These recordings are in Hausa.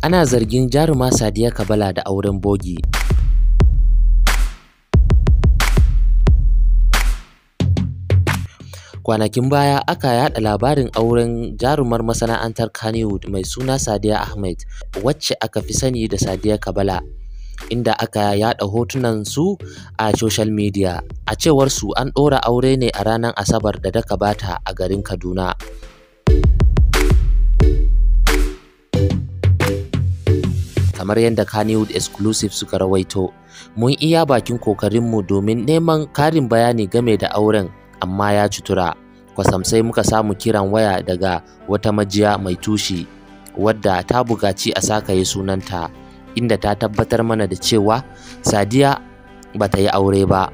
ana zargin jaruma Sadiya Kabala da auren bogi. Kwanakin baya aka yada labarin auren jarumar masana'antar Kannywood mai suna Sadiya Ahmed wacce aka fi sani da Sadiya Kabala. Inda aka yada hotunan su a social media, a cewar su an ɗora aure ne a ranar Asabar da daka bata a garin Kaduna. kamar yadda Kannywood Exclusive suka rawaito. Mun iya bakin kokarinmu domin neman karin bayani game da auren amma ya cutura. Kwasam sai muka samu kiran waya daga wata majiya mai tushi wadda ta bugaci a sakaye sunanta inda ta tabbatar mana da cewa Sadiya bata yi aure ba.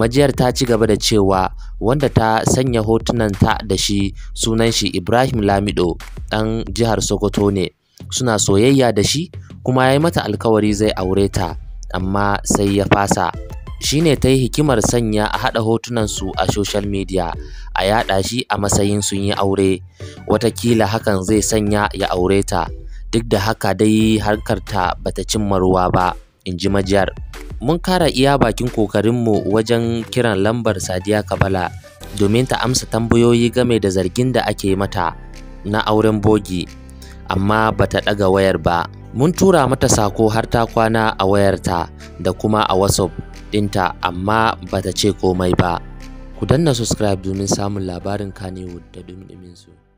majiyar ta ci gaba da cewa wanda ta sanya hotunanta da shi sunan shi ibrahim lamido ɗan jihar sokoto ne suna soyayya da shi kuma ya yi mata alkawari zai aure ta amma sai ya fasa Shi ne ta yi hikimar sanya a haɗa hotunansu a social media a yaɗa shi a matsayin sun yi aure watakila hakan zai sanya ya aure ta duk da haka dai harkar ta bata cimma ruwa ba in ji majiyar mun kara iya bakin kokarinmu wajen kiran lambar Sadiya Kabala domin ta amsa tambayoyi game da zargin da ake mata na auren bogi, amma ba ta ɗaga wayar ba. Mun tura mata sako har ta kwana a wayarta da kuma a WhatsApp ɗinta amma ba ta ce komai ba. Ku danna subscribe domin samun labarin Kannywood da dumi su.